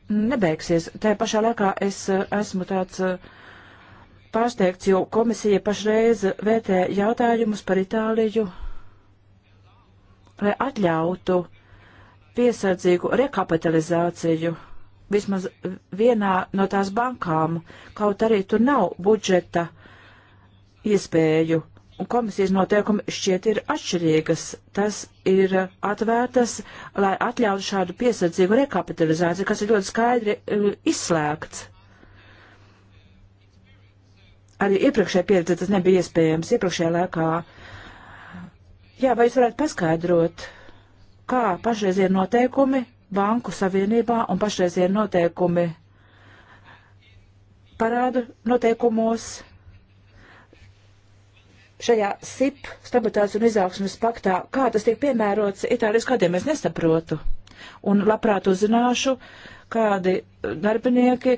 [SPEAKER 2] nebeigsies. Tajā pašā laikā es uh, esmu tāds. Uh, Pārsteigts, jo komisija pašreiz vērtē jautājumus par Itāliju, lai atļautu piesardzīgu rekapitalizāciju vismaz vienā no tās bankām, kaut arī tur nav budžeta iespēju komisijas noteikumi šķiet ir atšķirīgas. Tas ir atvērtas, lai atļautu šādu piesardzīgu rekapitalizāciju, kas ir ļoti skaidri eh, izslēgts. Arī iepriekšējā pieredze tas nebija iespējams, iepriekšējā laikā. Jā, vai jūs varētu paskaidrot, kā pašreizie noteikumi Banku Savienībā un pašreizie noteikumi parādu noteikumos šajā SIP stabilitātes un izaugsmas paktā, kā tas tiek piemērots Itālijas gadiem, es nesaprotu. Un labprāt uzzināšu, kādi darbinieki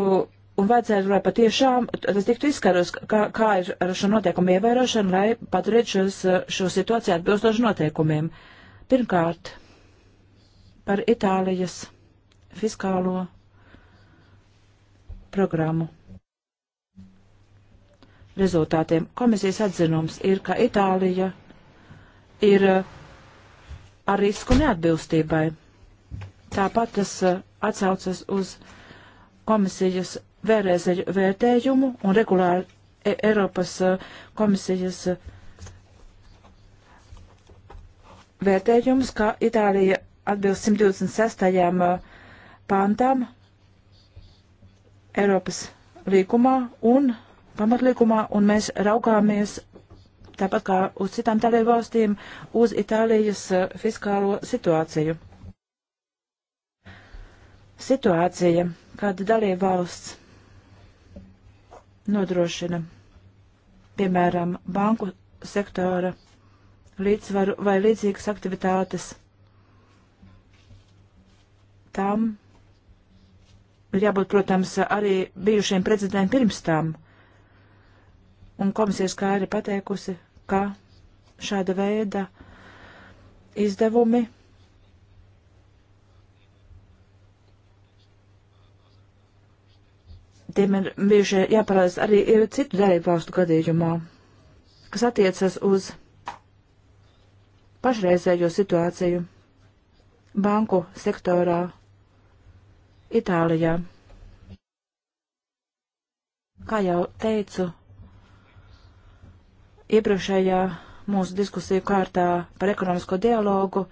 [SPEAKER 2] un vajadzētu, lai patiešām tas tiktu izskaros, kā, kā ir ar šo noteikumu ievērošanu, lai paturētu šo situāciju atbilstoši noteikumiem. Pirmkārt, par Itālijas fiskālo programmu rezultātiem. Komisijas atzinums ir, ka Itālija ir eh, ar risku neatbilstībai. Tāpat tas eh, atsaucas uz komisijas vērēzeļu vērtējumu un regulāri e Eiropas eh, komisijas vērtējums, ka Itālija atbilst 126. pāntām Eiropas līgumā un pamatlikumā, un mēs raugāmies tāpat kā uz citām dalību valstīm, uz Itālijas eh, fiskālo situāciju. Situācija, kāda dalību valsts nodrošina, piemēram, banku sektora līdzsvaru vai līdzīgas aktivitātes, tam ir jābūt, protams, arī bijušiem prezidentiem pirms tam un komisija skaidri pateikusi, ka šāda veida izdevumi tiem ir bijušie jāparādās arī citu darību valstu gadījumā, kas attiecas uz pašreizējo situāciju banku sektorā Itālijā. Kā jau teicu, iepriekšējā mūsu diskusiju kārtā par ekonomisko dialogu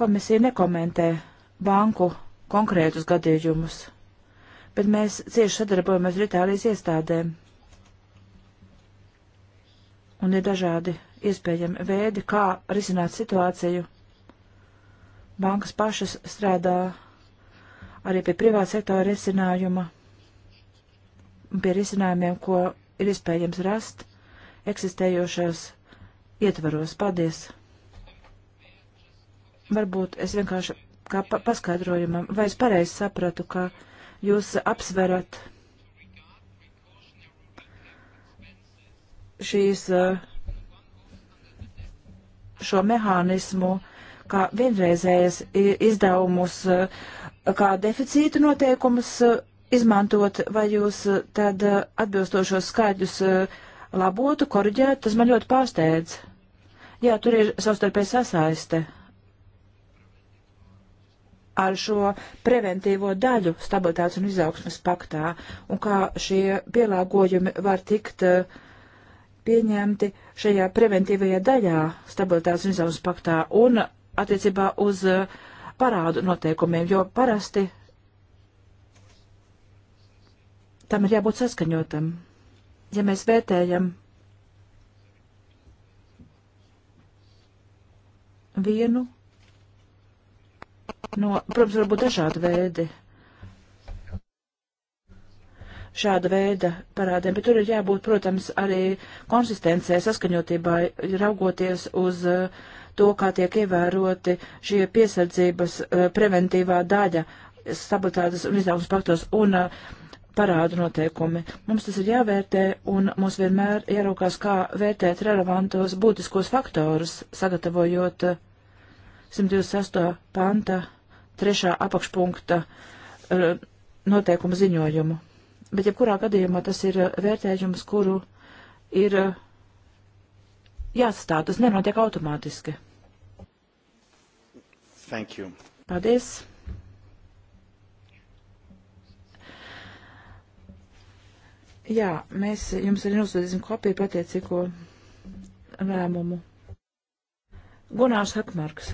[SPEAKER 2] komisija nekomentē banku konkrētus gadījumus, bet mēs cieši sadarbojamies ar Itālijas iestādēm. Un ir dažādi iespējami veidi, kā risināt situāciju. Bankas pašas strādā arī pie privāta sektora risinājuma un pie risinājumiem, ko ir iespējams rast eksistējošos ietvaros. Paldies! Varbūt es vienkārši kā pa paskaidrojumam, vai es pareizi sapratu, ka jūs apsverat šīs, eh, šo mehānismu, kā vienreizējas izdevumus, eh, kā deficītu noteikumus eh, izmantot, vai jūs tad atbilstošos skaidrus labotu, korģētu, tas man ļoti pārsteidz. Jā, tur ir savstarpēji sasaiste ar šo preventīvo daļu stabilitātes un izaugsmas paktā, un kā šie pielāgojumi var tikt eh, pieņemti šajā preventīvajā daļā stabilitātes un izaugsmas paktā un attiecībā uz eh, parādu noteikumiem, jo parasti tam ir jābūt saskaņotam ja mēs vērtējam vienu no, protams, varbūt dažādi veidi šāda veida parādiem, bet tur ir jābūt, protams, arī konsistencē, saskaņotībai, raugoties uz uh, to, kā tiek ievēroti šie piesardzības uh, preventīvā daļa stabilitātes un izdevums paktos un uh, parādu noteikumi. Mums tas ir jāvērtē, un mums vienmēr ieraukās, kā vērtēt relevantos būtiskos faktorus, sagatavojot 128. Eh, panta trešā apakšpunkta eh, noteikumu ziņojumu. Bet jebkurā gadījumā tas ir vērtējums, kuru ir eh, jāsastāv. Tas nenotiek automātiski. Thank you. Paldies. Jā, mēs jums arī nosūtīsim kopiju pateicīgo lēmumu. Gunārs Hakmarks.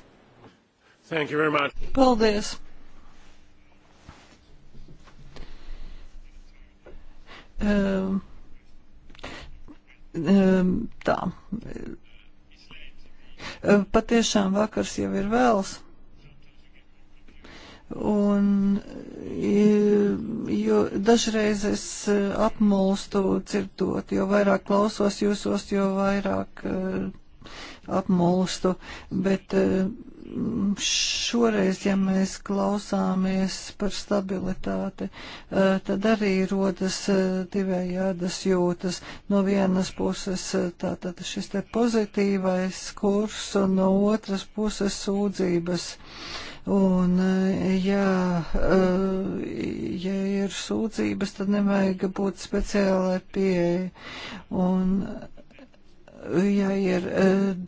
[SPEAKER 1] Thank you very much. Paldies. Um, um, tā. Ehm, patiešām vakars jau ir vēls. Un, eh, jo dažreiz es eh, apmulstu dzirdot, jo vairāk klausos jūsos, jo vairāk uh, apmulstu, bet uh, šoreiz, ja mēs klausāmies par stabilitāti, uh, tad arī rodas divējādas jūtas. No vienas puses tātad šis te pozitīvais kurs, un no otras puses sūdzības. Uh, Un, eh, ja, eh, ja ir sūdzības, tad nevajag būt speciālai pieeja. Un, eh, ja ir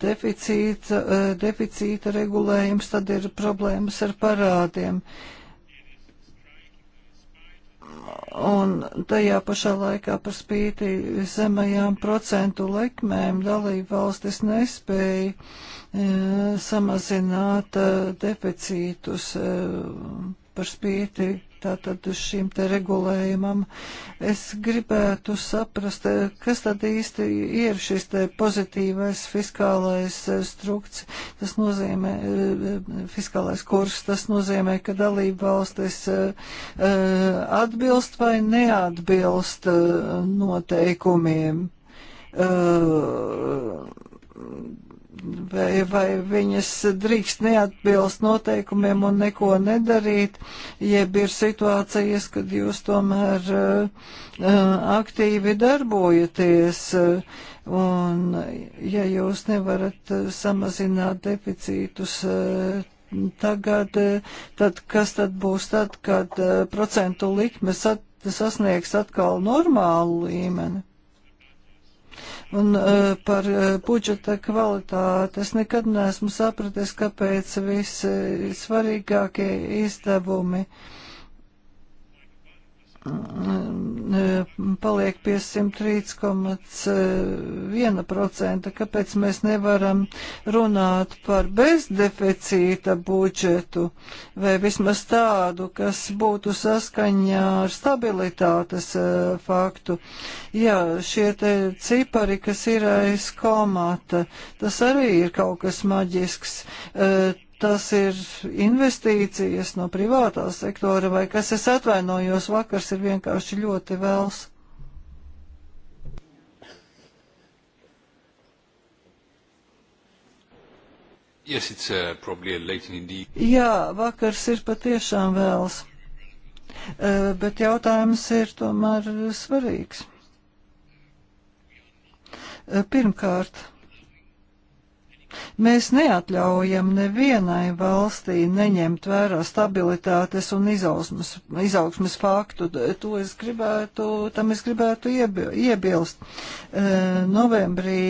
[SPEAKER 1] deficīta, deficīta regulējums, tad ir problēmas ar parādiem. Uh, Un tajā pašā laikā par spīti zemajām procentu likmēm dalību valstis nespēja e, samazināt e, deficītus e, par spīti tātad šim te regulējumam. Es gribētu saprast, eh, kas tad īsti ir šis te pozitīvais fiskālais eh, strukts, tas nozīmē, eh, fiskālais kurs, tas nozīmē, ka dalība valstis atbilst vai neatbilst noteikumiem. Uh, vai, vai viņas drīkst neatbilst noteikumiem un neko nedarīt, jeb ir situācijas, kad jūs tomēr eh, eh, aktīvi darbojaties. Eh, un, ja jūs nevarat samazināt deficītus tagad, tad kas tad būs tad, kad procentu likmes at, sasniegs atkal normālu līmeni? Un uh, par e, budžeta kvalitāti es nekad neesmu sapratis, kāpēc visi svarīgākie izdevumi uh, paliek pie 103,1%. Kāpēc mēs nevaram runāt par bezdeficīta budžetu vai vismaz tādu, kas būtu saskaņā ar stabilitātes e, faktu? Jā, šie te cipari, kas ir aiz komata, tas arī ir kaut kas maģisks. Uh, tas ir investīcijas no privātā sektora vai kas es atvainojos, vakars ir vienkārši ļoti vēls.
[SPEAKER 2] Yes, it's, uh, late in the...
[SPEAKER 1] Jā, vakars ir patiešām vēls, uh, bet jautājums ir tomēr svarīgs. Uh, pirmkārt, Mēs neatļaujam nevienai valstī neņemt vērā stabilitātes un izaugsmas, izaugsmas faktu. To es gribētu, tam es gribētu iebi, iebilst. E, novembrī,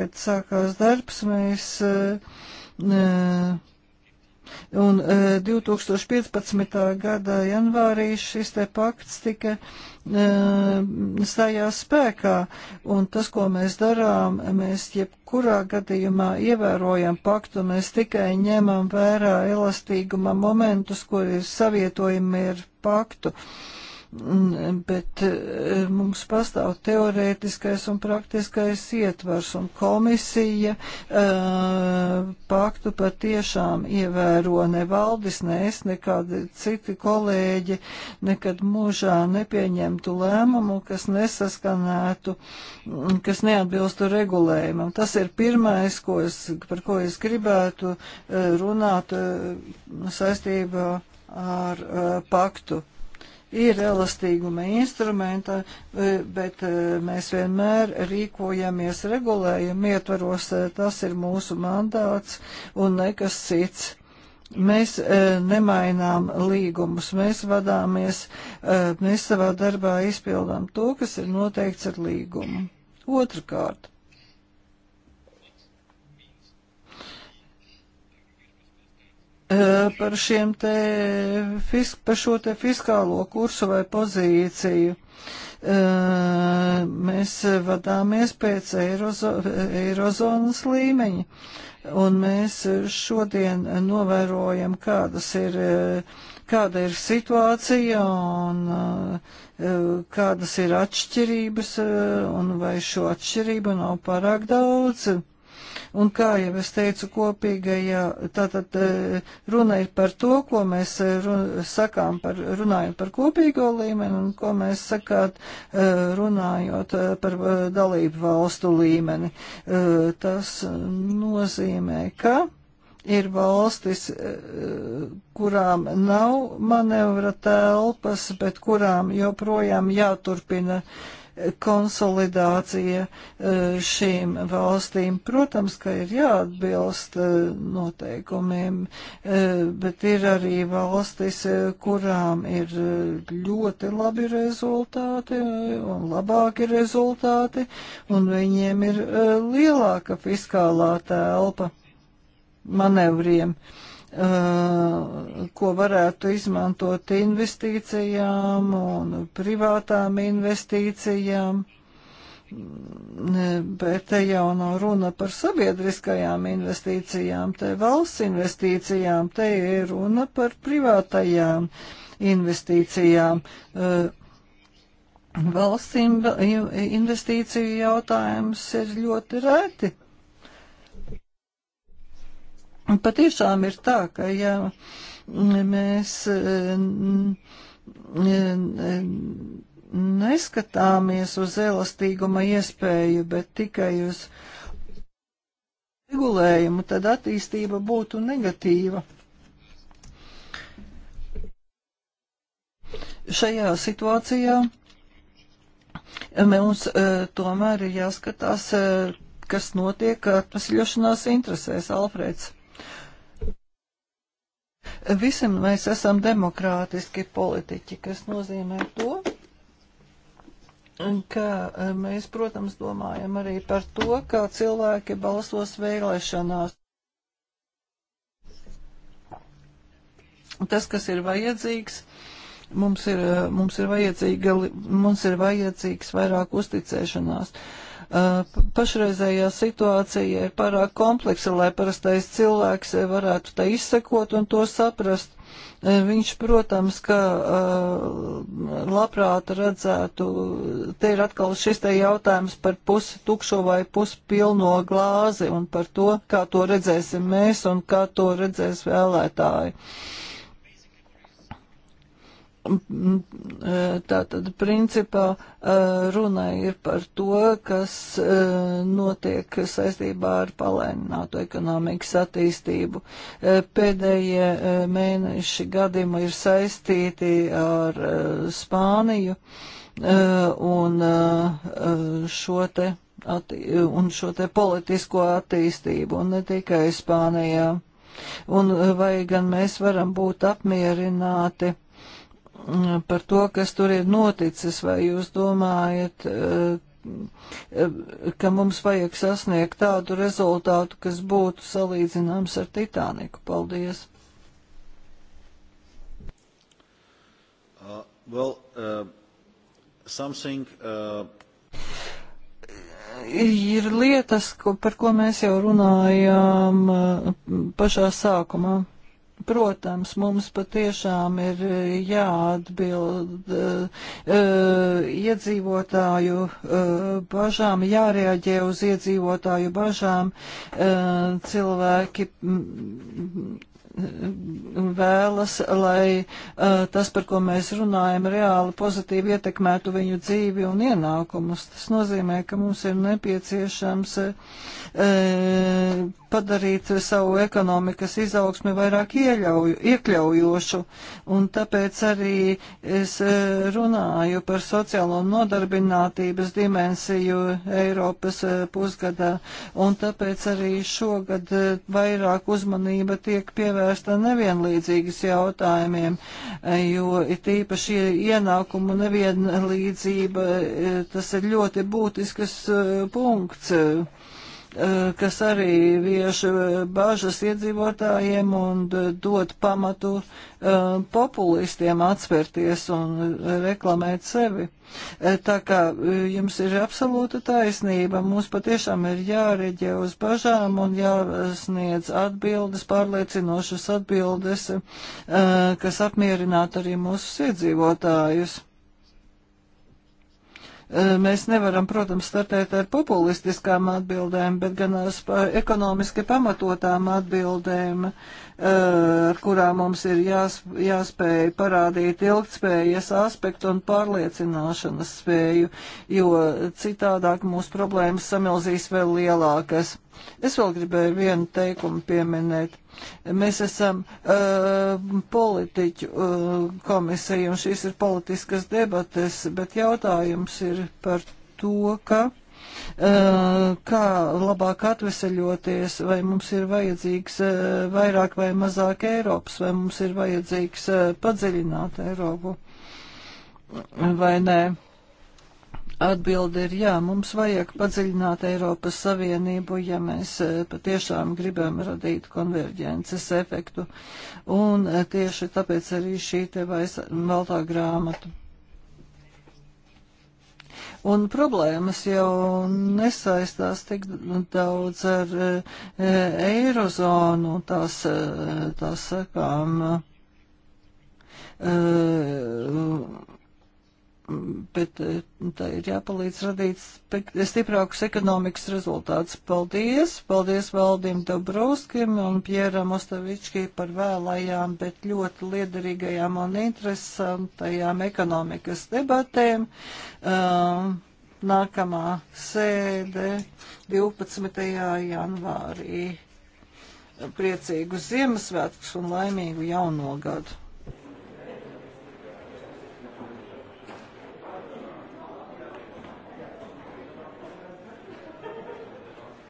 [SPEAKER 1] kad sākās darbs, mēs. Uh, Un 2015. E, gada janvārī šis te pakts tika e, stājās spēkā, un tas, ko mēs darām, mēs jebkurā gadījumā ievērojam paktu, mēs tikai ņemam vērā elastīguma momentus, kur ir savietojumi ar paktu. Uh, Mm, bet e, mums pastāv teorētiskais un praktiskais ietvars, un komisija e, paktu patiešām ievēro ne valdis, ne es, nekādi citi kolēģi nekad mūžā nepieņemtu lēmumu, kas nesaskanētu, mm, kas neatbilstu regulējumam. Tas ir pirmais, ko es, par ko es gribētu e, runāt saistībā ar paktu ir elastīguma instrumenta, e, bet e, mēs vienmēr rīkojamies regulējumu ietvaros, e, tas ir mūsu mandāts un nekas cits. Mēs e, nemainām līgumus, mēs vadāmies, e, mēs savā darbā izpildām to, kas ir noteikts ar līgumu. Otrakārt, par, šiem te, fisk, par šo te fiskālo kursu vai pozīciju. Mēs vadāmies pēc eirozo, eirozonas līmeņa, un mēs šodien novērojam, kādas ir, kāda ir situācija un kādas ir atšķirības, un vai šo atšķirību nav pārāk daudz. Un kā jau es teicu, kopīgajā, tātad eh, runa ir par to, ko mēs eh, runa, sakām, par, runājot par kopīgo līmeni un ko mēs sakāt, eh, runājot par dalību valstu līmeni. Tas nozīmē, ka ir valstis, kurām nav manevra telpas, bet kurām joprojām jāturpina uh, konsolidācija eh, šīm valstīm. Protams, ka ir jāatbilst eh, noteikumiem, eh, bet ir arī valstis, kurām ir ļoti labi rezultāti un labāki rezultāti, un viņiem ir lielāka fiskālā telpa manevriem. Uh, Uh, ko varētu izmantot investīcijām un privātām investīcijām. Bet te jau nav runa par sabiedriskajām investīcijām, te valsts investīcijām, te ir runa par privātajām investīcijām. Uh, valsts investīciju jautājums ir ļoti rēti Patiešām ir tā, ka ja mēs eh, neskatāmies uz elastīguma iespēju, bet tikai uz regulējumu, tad attīstība būtu negatīva. Šajā situācijā mums uh, tomēr ir jāskatās, uh, kas notiek atpasļošanās interesēs, Alfrēds. Visam mēs esam demokrātiski politiķi, kas nozīmē to, ka e, mēs, protams, domājam arī par to, kā cilvēki balsos vēlēšanās. Tas, kas ir vajadzīgs, mums ir, e, mums ir, vajadzīga, mums ir vajadzīgs vairāk uzticēšanās. Uh, Pašreizējā situācija ir pārāk kompleksa, lai parastais cilvēks varētu tā izsekot un to saprast. Viņš, protams, ka labprāt redzētu, te ir atkal šis te jautājums par pusi tukšo vai pusi pilno glāzi un par to, kā to redzēsim mēs un kā to redzēs vēlētāji. Tātad, principā, eh, runa ir par to, kas eh, notiek saistībā ar palēnināto ekonomikas attīstību. Eh, pēdējie mēneši gadījumi ir saistīti ar Spāniju un šo te, atti un šo te politisko attīstību, un ne tikai Spānijā. Un vai gan mēs varam būt apmierināti? Mm, par to, kas tur ir noticis, vai jūs domājat, eh, eh, ka mums vajag sasniegt tādu rezultātu, kas būtu salīdzināms ar Titaniku? Paldies! Uh, well, uh, something, uh... Ir lietas, ko, par ko mēs jau runājām uh, pašā sākumā. Protams, mums patiešām ir e, jāatbild e, e, iedzīvotāju bažām, jārēģē uz iedzīvotāju bažām. Cilvēki un vēlas, lai uh, tas, par ko mēs runājam, reāli pozitīvi ietekmētu viņu dzīvi un ienākumus. Tas nozīmē, ka mums ir nepieciešams uh, padarīt savu ekonomikas izaugsmi vairāk ieļauju, iekļaujošu, un tāpēc arī es uh, runāju par sociālo nodarbinātības dimensiju Eiropas uh, pusgadā, un tāpēc arī šogad uh, vairāk uzmanība tiek pievērsta jāvērsta nevienlīdzīgas jautājumiem, jo ir tīpaši ienākumu nevienlīdzība, eh, tas ir ļoti būtisks eh, punkts. Eh, kas arī vieš eh, bažas iedzīvotājiem un eh, dod pamatu populistiem atspērties un reklamēt sevi. Tā kā jums ir absolūta taisnība, mums patiešām ir jāreģē uz bažām un jāsniedz atbildes, pārliecinošas atbildes, kas apmierinātu arī mūsu iedzīvotājus. Mēs nevaram, protams, startēt ar populistiskām atbildēm, bet gan ar ekonomiski pamatotām atbildēm, ar kurām mums ir jās, jāspēj parādīt ilgtspējas aspektu un pārliecināšanas spēju, jo citādāk mūsu problēmas samilzīs vēl lielākas. Es vēl gribēju vienu teikumu pieminēt. Mēs esam uh, politiķu uh, komisija, un šīs ir politiskas debates, bet jautājums ir par to, ka eh, kā labāk atveseļoties, vai mums ir vajadzīgs vairāk vai mazāk Eiropas, vai mums ir vajadzīgs padziļināt Eiropu vai nē. Atbilde ir jā, mums vajag padziļināt Eiropas Savienību, ja mēs eh, patiešām gribam radīt konverģences efektu. Un eh, tieši tāpēc arī šī te valtā grāmata. Un problēmas jau nesaistās tik daudz ar e, eirozonu, tās, tās sakām. E, bet eh, tā ir jāpalīdz radīt stiprākus ekonomikas rezultātus. Paldies! Paldies Valdim Dabrauskim un Pjeram Ostavičkī par vēlējām, bet ļoti liederīgajām un interesantajām ekonomikas debatēm. Um, nākamā sēde 12. janvārī. Priecīgu Ziemassvētkus un laimīgu jauno gadu!